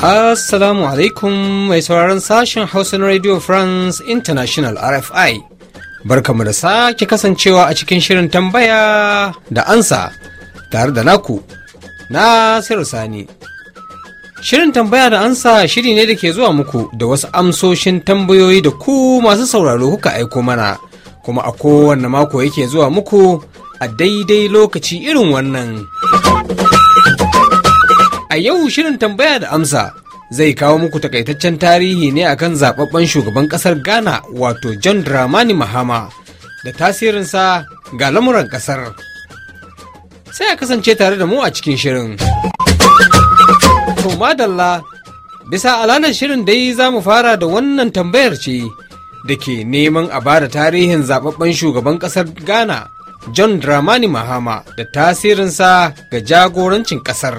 Assalamu alaikum mai sauraron sashen Hausa na Radio France International RFI. Barkamu da sake kasancewa a cikin shirin tambaya da ansa tare da naku na Nasiru Sani. Shirin tambaya da ansa shiri ne da ke zuwa muku da wasu amsoshin tambayoyi da ku masu sauraro kuka aiko mana, kuma a kowane mako yake zuwa muku a daidai lokaci irin wannan. A yau shirin tambaya da amsa zai kawo muku takaitaccen tarihi ne a kan zababben shugaban ƙasar Ghana wato John Dramani Mahama da tasirinsa ga lamuran ƙasar. sai a kasance tare da mu a cikin shirin. To madalla, bisa alanar shirin dai za mu fara da wannan tambayar ce da ke neman a bada tarihin zababben shugaban ƙasar Ghana, John Dramani Mahama da tasirinsa ga jagorancin ƙasar.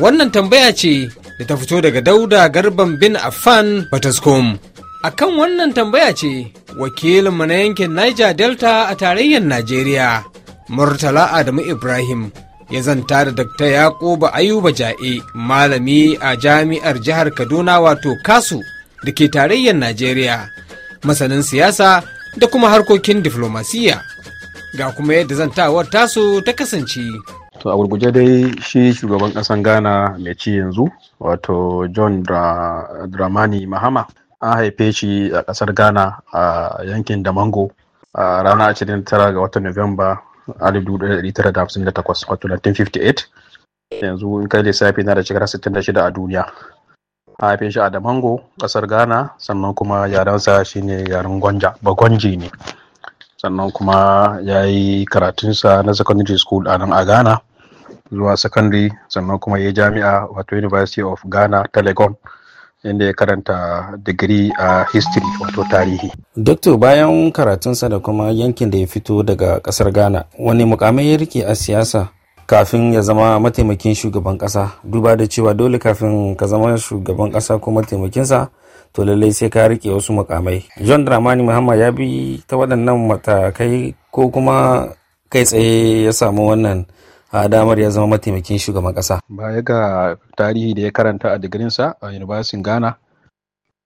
Wannan tambaya ce da ta fito daga Dauda Garban bin Affan Bataskom. A kan wannan tambaya ce wakilinmu na yankin Niger Delta a tarayyar Najeriya. murtala adamu ibrahim ya zanta da dakta yakuba ayuba ja'e malami a jami'ar jihar kaduna wato kasu da ke tarayyar najeriya masanin siyasa da kuma harkokin diflomasiyya ga kuma yadda zantawar tasu ta kasance to a gurguje dai shi shugaban kasan ghana mai ci yanzu wato john dramani mahama an haife shi a kasar ghana a yankin damango a ranar 29 ga watan nuwamba 1958 wato 1958 yanzu in kai lissafi na da shekara 66 a duniya haifin shi a mango kasar ghana sannan kuma yarensa shine yaren gwanja bagwanji ne sannan kuma ya yi karatunsa na secondary school a nan a ghana zuwa secondary sannan kuma ya yi jami'a wato university of ghana telecom inda ya karanta digiri a history wato tarihi. Doktor bayan karatunsa da kuma yankin da ya fito daga kasar Ghana, wani mukamai ya rike a siyasa kafin ya zama mataimakin shugaban kasa duba da cewa dole kafin ka zama shugaban kasa ko mataimakinsa to lallai sai ka rike wasu mukamai. John Dramani Muhammad ya bi ta waɗannan matakai ko kuma kai tsaye ya samu wannan a damar ya zama mataimakin shugaban kasa baya ga tarihi da ya karanta a digirinsa a university ghana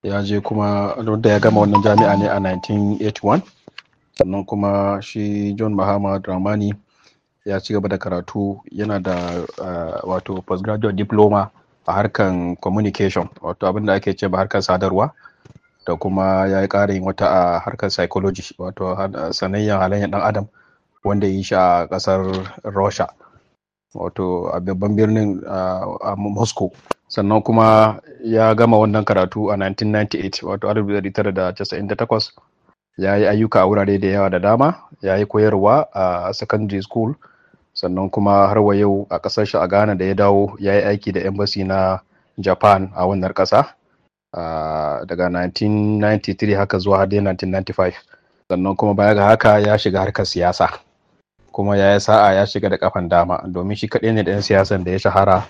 ya je kuma da ya gama wannan jami'a ne a 1981 sannan kuma shi john mahama dramani ya ci gaba da karatu yana da uh, wato postgraduate diploma a harkan communication wato abin da ake ce ba harkar sadarwa da kuma ya yi ƙarin wata a harkar psychology wato sanayyar halayen dan adam wanda ya yi shi a ƙasar russia wato a babban birnin a moscow sannan kuma ya gama wannan karatu a 1998 wato 1998 ya yi ayyuka a wurare da yawa da dama ya yi koyarwa a secondary school sannan kuma har wa yau a ƙasar shi a ghana da ya dawo ya yi aiki da embassy na japan a wannan ƙasa daga 1993 haka zuwa har 1995 sannan kuma baya ga haka ya shiga harkar siyasa kuma ya yi sa'a ya shiga da kafan dama domin shi kaɗai ne da yan siyasan da ya shahara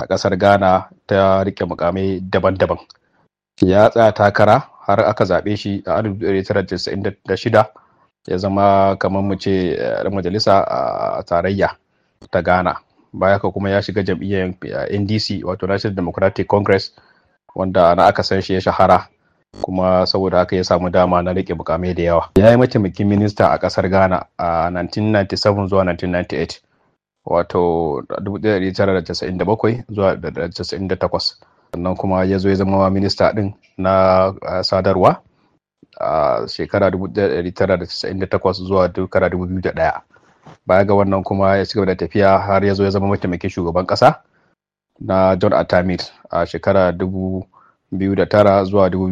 a ƙasar ghana ta rike mukamai daban-daban ya tsaya takara har aka zaɓe shi a 1996 ya zama kamar mu ce eh, majalisa a tarayya ta ghana baya ka kuma ya shiga jam'iyyar eh, ndc wato national democratic congress wanda na aka san shi ya shahara kuma saboda haka ya samu dama na rike mukamai da yawa ya yi mataimakin minista a kasar ghana a 1997 zuwa 1998 wato 1997 zuwa 1998 sannan kuma ya zo ya zama minista din na sadarwa a shekara 1998 zuwa 2001 baya ga wannan kuma ya gaba da tafiya har ya zo ya zama mataimakin shugaban kasa na john atamir a shekara biyu da tara zuwa dubu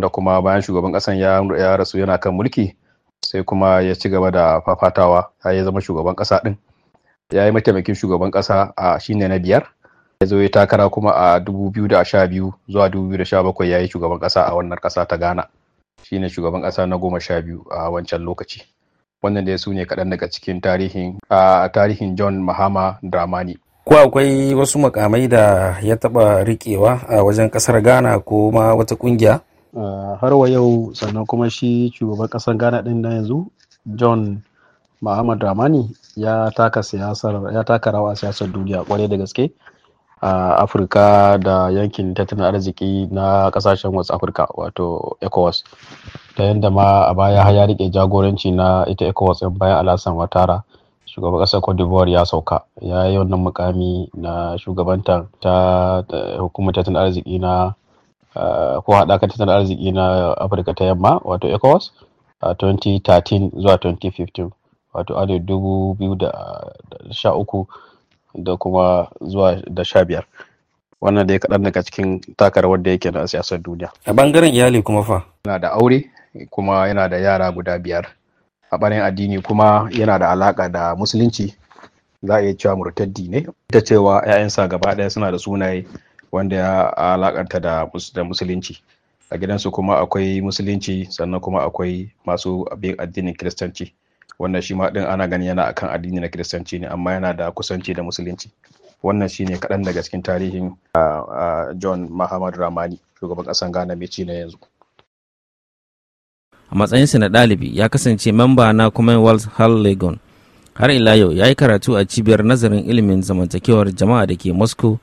da kuma bayan shugaban kasan ya rasu yana kan mulki sai kuma ya ci gaba da fafatawa ya zama shugaban kasa din ya yi mataimakin shugaban kasa a shine na biyar ya zo ya takara kuma a 2012 zuwa 2017 ya yi shugaban kasa a wannan kasa ta ghana shine shugaban kasa na goma sha biyu a wancan lokaci wannan da ya sune ne kaɗan daga cikin tarihin tarihin john mahama dramani ko akwai wasu makamai da ya taba riƙewa a wajen kasar ghana ko ma wata ƙungiya? har wa yau sannan kuma shi shugaban kasar ghana din na yanzu john Muhammad Ramani ya taka siyasar ya taka rawa a siyasar duniya kwarai da gaske a Afirka da yankin tattalin arziki na kasashen West Afirka wato ECOWAS ta yadda ma a baya ya rike jagoranci na ita ECOWAS ɗin bayan Alasan Watara shugaban ƙasar Cote d'Ivoire ya sauka ya yi wannan mukami na shugabanta ta hukumar tattalin arziki na eh, ko haɗakar tattalin arziki na Afirka ta yamma wato ECOWAS a 2013 zuwa 2015 wato a dubu biyu da uku da kuma zuwa da sha biyar wannan dai kaɗan daga cikin takar da yake na siyasar duniya a bangaren iyali kuma fa yana da aure kuma yana da yara guda biyar a ɓarin addini kuma yana da alaƙa da musulunci za a iya cewa murtaddi ne ta cewa 'ya'yansa gaba ɗaya suna da sunaye wanda ya alaƙanta da musulunci a gidansu kuma akwai musulunci sannan kuma akwai masu bin addinin kiristanci wannan shi ma ɗin ana ganin yana akan addini na kiristanci ne amma yana da kusanci da musulunci wannan shi ne kaɗan daga cikin tarihin john mahamadu ramani shugaban ƙasan ghana mai ci na yanzu a matsayinsa na ɗalibi ya kasance memba na commonwealth hall legon har ila yau ya yi karatu a cibiyar nazarin ilimin zamantakewar jama'a da ke moscow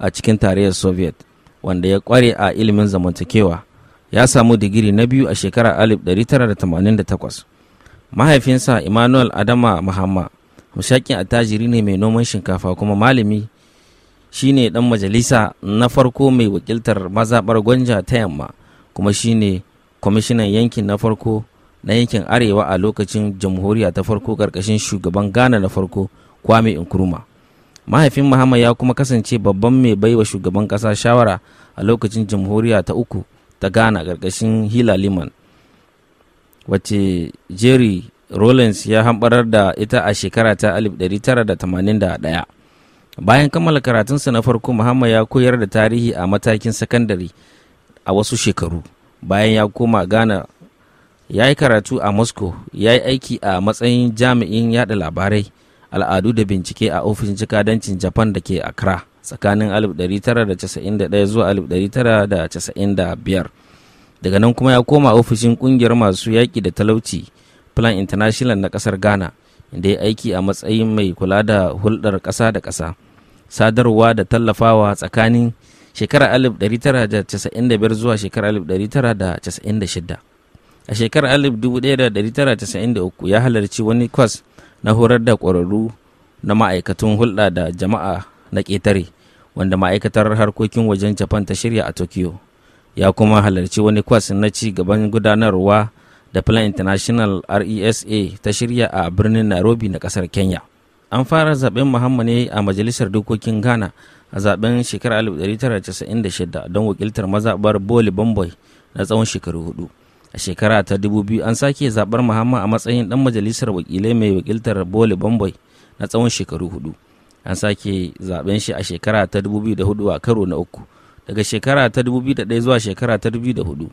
a cikin tarayyar soviet wanda ya kware a ilimin zamantakewa ya samu digiri na biyu a shekarar 1988 mahaifinsa emmanuel adama mahamma mushakin attajiri ne mai noman shinkafa kuma malami shine dan majalisa na farko mai wakiltar mazaɓar gwanja ta yamma kuma shine kwamishinan yankin na farko na yankin arewa a lokacin jamhuriya ta farko karkashin shugaban ghana na farko kwame Nkuruma, mahaifin muhammad ya kuma kasance babban mai baiwa shugaban kasa shawara a lokacin jamhuriya ta uku ta ghana karkashin hila liman wacce jerry rollins ya hambarar da ita a shekara ta 1981 bayan kammala karatunsa na farko muhammad ya koyar da tarihi a matakin sakandare a wasu shekaru bayan ya koma ghana ya yi karatu a moscow ya yi aiki a matsayin jami'in yada labarai al'adu da bincike a ofishin cikadancin japan da ke accra tsakanin 1991 zuwa 1995 daga nan kuma ya koma ofishin kungiyar masu yaƙi da talauci plan international na ƙasar ghana inda ya aiki a matsayin mai kula da hulɗar ƙasa da ƙasa sadarwa da tallafawa tsakanin shekarar 1995 zuwa shekarar 1996 a shekarar 1993 ya halarci wani kwas na horar da ƙwararru na ma'aikatun hulɗa da jama'a na ƙetare wanda ma'aikatar harkokin wajen japan ta shirya a tokyo ya kuma halarci wani kwas na ci gaban gudanarwa da plan international resa ta shirya a birnin nairobi na kasar kenya an fara zaben muhammad ne a majalisar dokokin ghana a zaben shekarar 1996 don wakiltar mazaɓar boli bambai na tsawon shekaru hudu a shekara ta 2000 an sake zaɓar Mahama a matsayin ɗan majalisar wakilai mai wakiltar boli bambai na tsawon shekaru hudu an sake zaben shi a shekara ta 2004 a karo na uku daga shekara ta 2001 zuwa shekara ta 2004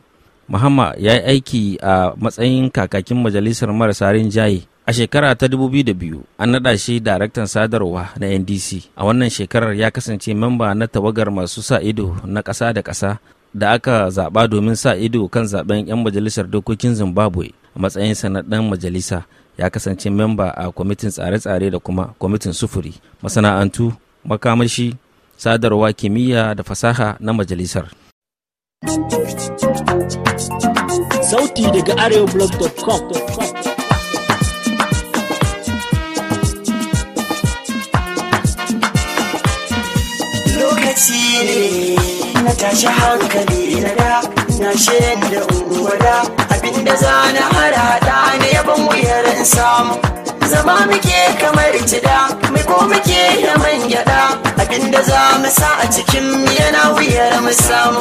Mahama ya yi aiki a matsayin kakakin majalisar marasa rinjaye A shekara ta 2002 an naɗa shi daraktan sadarwa na NDC. A wannan shekarar ya kasance memba na tawagar masu sa ido na kasa da ƙasa da aka zaɓa domin sa ido kan zaben 'yan majalisar dokokin Zimbabwe a matsayin sanadan majalisa ya kasance memba a kwamitin tsare-tsare da kuma kwamitin sufuri masana'antu makamashi sadarwa kimiyya da fasaha na majalisar. Sauti daga arewa blog.com tasiri na tashi hankali na da na shaida unguwa da abinda zana harada ne yaban wuyar samu zama muke kamar cida mai ko muke da man gyada abinda za mu sa a cikin yana wuyar mu samu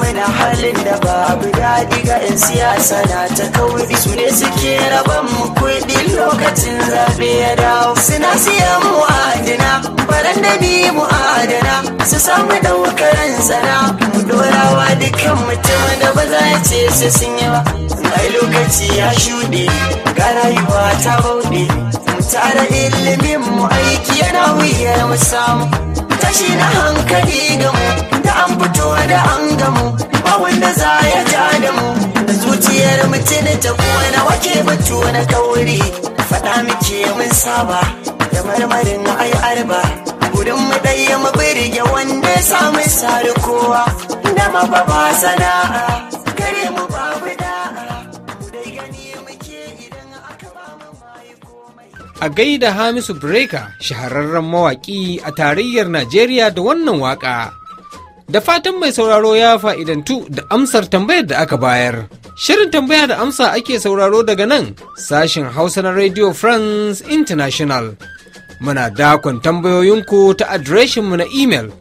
muna halin da babu daɗi ga 'yan siyasa na ta kauri su ne suke raban mu kuɗi lokacin zaɓe ya dawo suna siyan mu adina faran da bi mu adana su samu ɗaukar tsana mu dorawa dukkan mutum da ba za ya ce su sun yi ba ai lokaci ya shuɗe ga rayuwa ta bauɗe tare ilimin mu aiki yana wuyar mu samu tashi na hankali ga mu da an fito da an gamu ba wanda za ya ja da mu da zuciyar mutum ta na wake batu na kauri faɗa muke mun saba da marmarin ai arba gudun mu ɗaya mu birge wanda ya samu sarukowa da mababa sana'a a gaida Hamisu Breka shahararren mawaƙi a tarayyar Najeriya da wannan waƙa. Da fatan mai sauraro ya fa'idantu da amsar tambayar da aka bayar. Shirin tambaya da amsa ake sauraro daga nan sashin Hausa na Radio France International. Muna dakon tambayoyinku ta adireshinmu na imel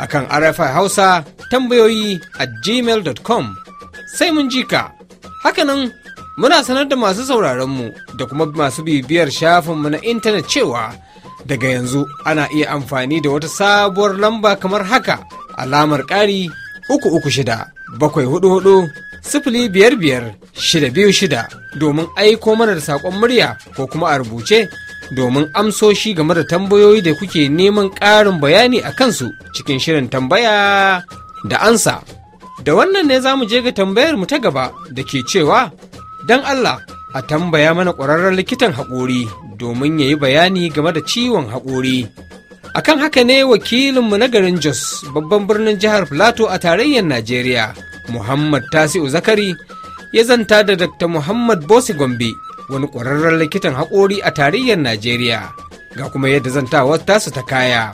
akan RFI Hausa tambayoyi at gmail.com. Sai mun jika. Hakanan Muna sanar da masu sauraronmu da kuma masu bibiyar shafinmu na intanet cewa daga yanzu ana iya amfani da wata sabuwar lamba kamar haka alamar ƙari uku uku shida bakwai hudu hudu sifili biyar biyar shida biyu shida domin aiko mana da saƙon murya ko kuma a rubuce domin amsoshi game da tambayoyi da kuke neman ƙarin bayani a kansu cikin shirin tambaya da ansa. Da wannan ne za mu je ga tambayar mu ta gaba da ke cewa don Allah a tambaya mana ƙwararren likitan haƙori domin ya yi bayani game da ciwon haƙori. kan haka ne wakilinmu na garin Jos babban birnin jihar Filato a tarayyar Najeriya, Muhammad Tasi'u Zakari, ya zanta da Dr. Muhammad Bosi Gombe, wani ƙwararren likitan haƙori a tarayyar Najeriya. Ga kuma yadda zantawar tasu ta kaya.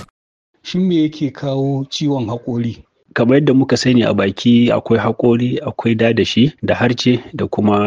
Shin me yake kawo ciwon haƙori? kamar yadda muka sani a baki akwai hakori, akwai dadashi da harce da kuma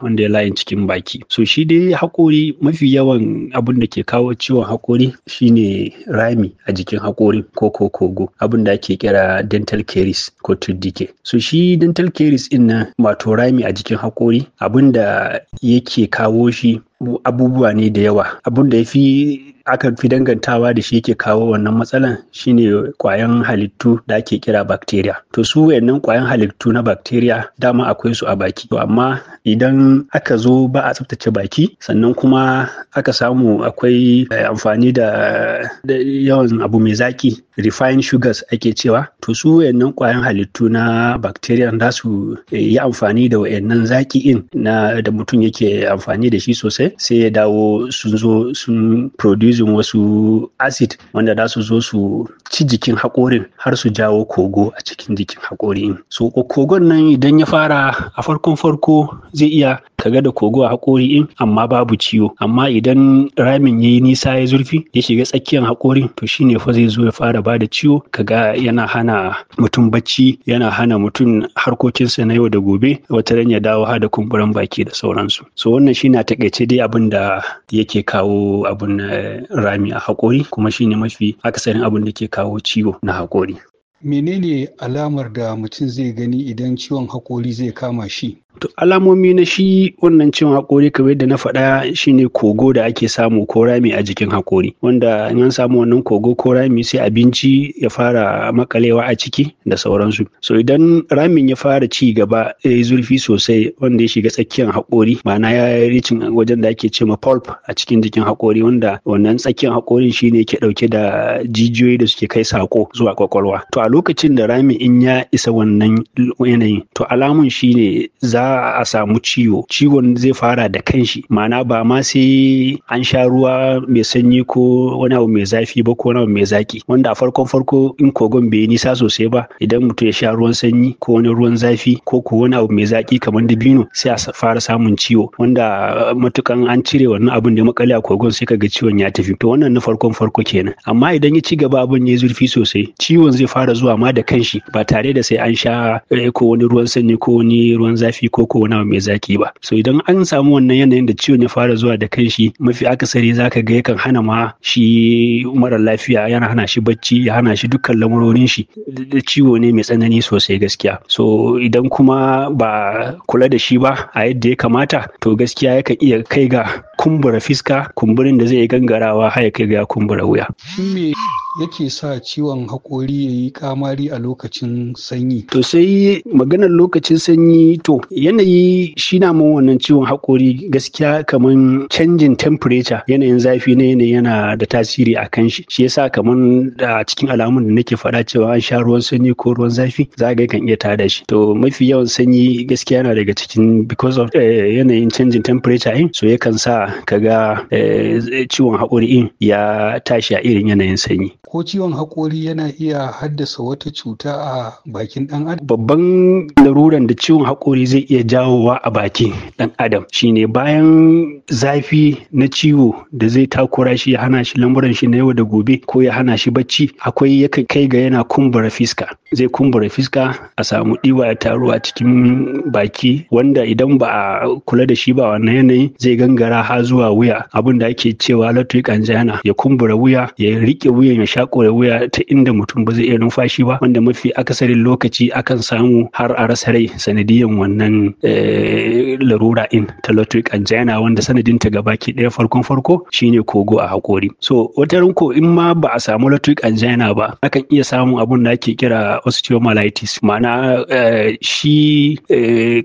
wanda ya layin cikin baki so shi dai hakori, mafi yawan abin da ke kawo ciwon hakori shine rami a jikin hakori ko ko kogo abin da ake kira dental caries ko tuddike so shi dental caries din nan wato rami a jikin hakori, abin da yake kawo shi abubuwa ne da yawa abun da ya fi aka fi dangantawa da shi yake kawo wannan matsalan shine kwayan halittu da ake kira bacteria to su wayannan kwayan halittu na bacteria dama akwai su a baki to amma idan aka zo ba a tsaftace baki sannan kuma aka samu akwai eh, amfani da yawan abu mai zaki refined sugars ake cewa to su wayannan kwayan halittu na bacteria za su eh, yi amfani da wayannan zaki in na da mutum yake amfani da shi sosai sai ya dawo sun zo sun producing wasu acid wanda za su zo su ci jikin haƙorin har su jawo kogo a cikin jikin haƙorin so kogon nan idan ya fara a farkon farko zai iya ka ga da kogo a haƙori in amma babu ciwo amma idan ramin yayi nisa ya zurfi ya shiga tsakiyar haƙorin to shine fa zai zo ya fara bada ciwo Ka ga yana hana mutum bacci yana hana mutum harkokinsa na yau da gobe wata ya dawo har da kumburan baki da sauransu so wannan shine a takaice dai abin da yake kawo abun eh, rami a haƙori kuma shine mafi akasarin abin da ke kawo ciwo na haƙori menene alamar da mutum zai gani idan ciwon haƙori zai kama shi to alamomi na shi wannan ciwon haƙori kamar yadda na faɗa shine kogo da ake samu ko rami a jikin haƙori wanda in an samu wannan kogo ko rami sai abinci ya fara makalewa a ciki da sauransu so idan ramin ya fara ci gaba ya yi zurfi sosai wanda ya shiga tsakiyar haƙori ma'ana ya ricin wajen da ake ce ma pulp a cikin jikin haƙori wanda wannan tsakiyar haƙorin shine ke ɗauke da jijiyoyi da suke kai saƙo zuwa kwakwalwa to a lokacin da in ya isa wannan yanayin to alamun shine za a samu ciwo ciwon zai fara da kanshi ma'ana ba ma sai an sha ruwa mai sanyi ko wani abu mai zafi ba ko wani abu mai zaki wanda a farkon farko in kogon bai nisa sosai ba idan mutum ya sha ruwan sanyi ko wani ruwan zafi ko ko wani abu mai zaki kamar dabino sai a fara samun ciwo wanda eh, matukan an cire wannan abin da makale a kogon sai kaga ciwon ya tafi to wannan na farkon farko kenan amma idan ya ci gaba abin ya zurfi sosai ciwon zai fara zuwa ma da kanshi ba tare da sai an sha ko wani ruwan sanyi ko wani ruwan zafi ko ko wani mai zaki ba so idan an samu wannan yanayin da ciwon ya fara zuwa da kanshi mafi akasari zaka ga yakan hana ma shi mara lafiya yana hana shi bacci ya hana shi dukkan lamurorin shi da ciwo ne mai tsanani sosai gaskiya so idan kuma ba kula da shi ba a yadda ya kamata to gaskiya yakan iya kai ga kumbura fiska kumburin da zai yi gangarawa har ya kai ga kumbura wuya. Me yake sa ciwon haƙori ya yi kamari a lokacin sanyi? To sai maganar lokacin sanyi to yanayi shi na mun wannan ciwon haƙori gaskiya kamar canjin temperature yanayin zafi na yanayi yana da tasiri a kan shi. Shi yasa kamar a cikin alamun da nake faɗa cewa an sha ruwan sanyi ko ruwan zafi za ga kan iya tada shi. To mafi yawan sanyi gaskiya yana daga cikin because of eh, yanayin canjin temperature in so yakan sa Ka ga eh, ciwon haƙori ya tashi a irin yanayin sanyi ko ciwon haƙori yana iya haddasa wata cuta a bakin ɗan adam babban laruran da ciwon haƙori zai iya jawowa a bakin ɗan adam shine bayan zafi na ciwo da zai takura shi ya hana shi lamuran shi na yau da gobe ko ya hana shi bacci akwai yakan kai ga yana kumbura fiska zai kumbura fiska a samu ɗiwa ya taru a cikin baki wanda idan ba a kula da shi ba wannan yanayin zai gangara har zuwa wuya abin da ake cewa latric angina ya kumbura wuya ya rike wuyan ya da wuya ta inda mutum ba zai iya numfashi ba wanda mafi akasarin lokaci akan samu har a rasa rai sanadiyan wannan eh, larura in ta latric angina wanda sanadin ta gaba ke ɗaya farkon farko shine kogo a hakori so wata ko in ma ba a samu latric angina ba akan iya samun abin da ake kira osteomyelitis ma'ana eh, shi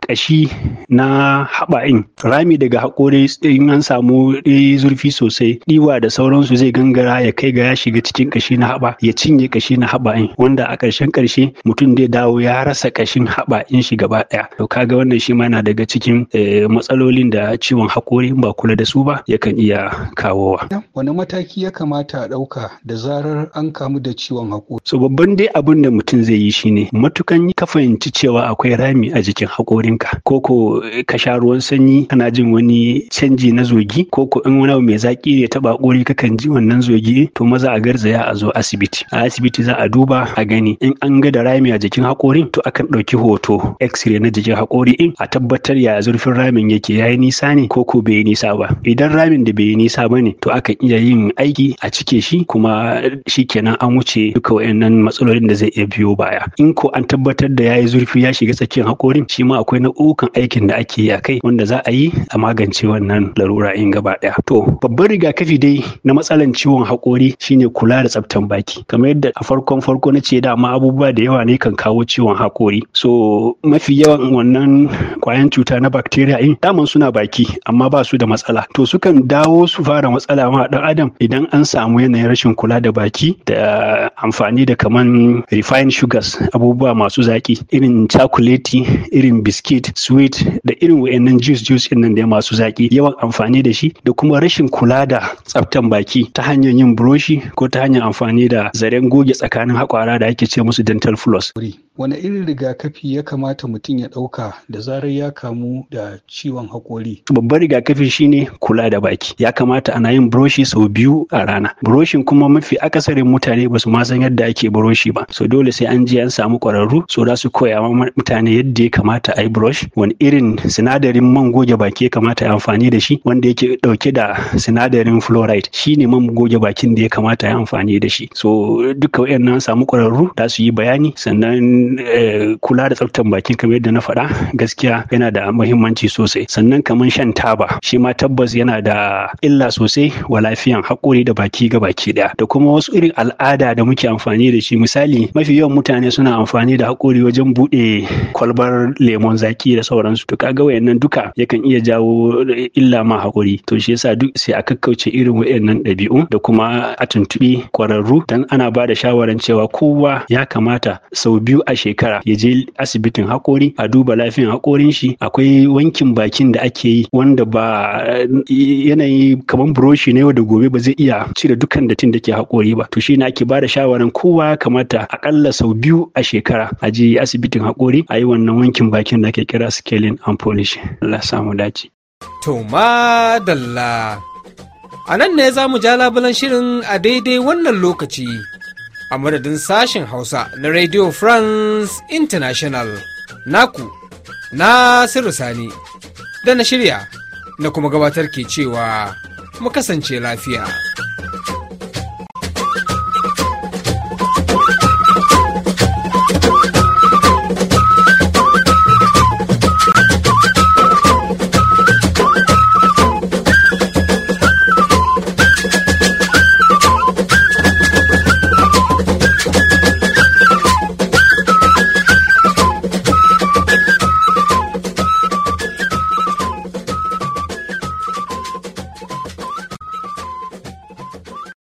kashi eh, na in rami daga hakori in an samu zurfi sosai ɗiwa da sauransu zai gangara ya kai ga ya shiga cikin kashi na haɓa ya cinye kashi na haɓa in wanda a ƙarshen ƙarshe mutum zai dawo ya rasa kashin haɓa in shi gaba ɗaya to kaga wannan shi ma yana daga cikin eh, matsalolin da ciwon hakori ba kula da su ba yakan iya kawowa. Wani mataki ya kamata a ɗauka da zarar an kamu da ciwon hakori? So babban dai abin da mutum zai yi shine matukan ka fahimci cewa akwai rami a jikin haƙorinka ko ko ka sha ruwan sanyi kana jin wani canji na zuwa zogi ko ko in wani mai zaki ne taba ka kakan ji wannan zogi to maza a garzaya a zo asibiti a asibiti za a duba a gani in an ga da rami a jikin hakori to akan ɗauki hoto x-ray na jikin hakori in a tabbatar ya zurfin ramin yake yayi nisa ne ko ko bai nisa ba idan ramin da bai nisa ba ne to akan iya yin aiki a cike shi kuma shikenan an wuce duka wayannan matsalolin da zai iya biyo baya in ko an tabbatar da yayi zurfi ya shiga tsakiyar hakorin shi ma akwai nau'ukan aikin da ake yi a kai wanda za a yi a magance wannan larura ra'ayin gaba ɗaya. To babban rigakafi dai na matsalan ciwon haƙori shine kula da tsaftan baki. Kamar yadda a farkon farko na ce dama abubuwa da yawa ne kan kawo ciwon haƙori. So mafi yawan wannan ƙwayan cuta na bacteria in daman suna baki amma ba su da matsala. To sukan dawo su fara matsala ma ɗan adam idan an samu yanayin rashin kula da baki da amfani da kaman refined sugars abubuwa masu zaki, irin cakuleti irin biskit sweet da irin wa'annan juice juice ɗin nan da masu zaƙi yawan amfani amfani da shi da kuma rashin kula da tsaftan baki ta hanyar yin buroshi ko ta hanyar amfani da zaren goge tsakanin haƙwara da ake ce musu dental floss. wane irin rigakafi ya kamata mutum ya ɗauka da zarar ya kamu da ciwon haƙori? Babban rigakafi shine kula da baki. Ya kamata ana yin buroshi sau biyu a rana. Buroshin kuma mafi akasarin mutane ba su ma san yadda ake buroshi ba. So dole sai an je an samu ƙwararru so za su koya wa mutane yadda ya kamata a yi brosh wani irin sinadarin man goge baki ya kamata a amfani da shi wanda yake ɗauke da sinadarin fluoride shine man goge bakin da ya kamata a yi amfani da shi. So duka waɗannan samu ƙwararru za su yi bayani sannan Eh, kula da tsaftar baki kamar yadda na faɗa gaskiya yana da muhimmanci sosai sannan kamar shan taba shi ma tabbas yana da illa sosai wa lafiyan haƙuri da baki ga baki ɗaya da kuma wasu irin al'ada da muke amfani da shi misali mafi yawan mutane suna amfani da haƙuri wajen buɗe kwalbar lemon zaki da sauransu to kaga wayannan duka yakan iya jawo illa ma haƙuri, to shi yasa duk sai a kakkauce irin wayannan ɗabi'u da kuma a tuntuɓi kwararru dan ana ba da shawaran cewa kowa ya kamata sau biyu a shekara ya je asibitin haƙori a duba lafiyan haƙorin shi akwai wankin bakin da ake yi wanda ba eh, yanayi kamar buroshi na yau da gobe ba zai iya cire dukkan datin da ke haƙori ba to shi na ake bada shawaran kowa kamata akalla sau biyu a shekara a je asibitin haƙori a yi wannan wankin bakin da ake kira scaling and polish Allah samu dace to madalla a nan ne za mu ja labulen shirin a daidai wannan lokaci a madadin sashen Hausa na Radio France International. Naku, sirri Sani, da na shirya, na kuma gabatar ke cewa mu kasance lafiya.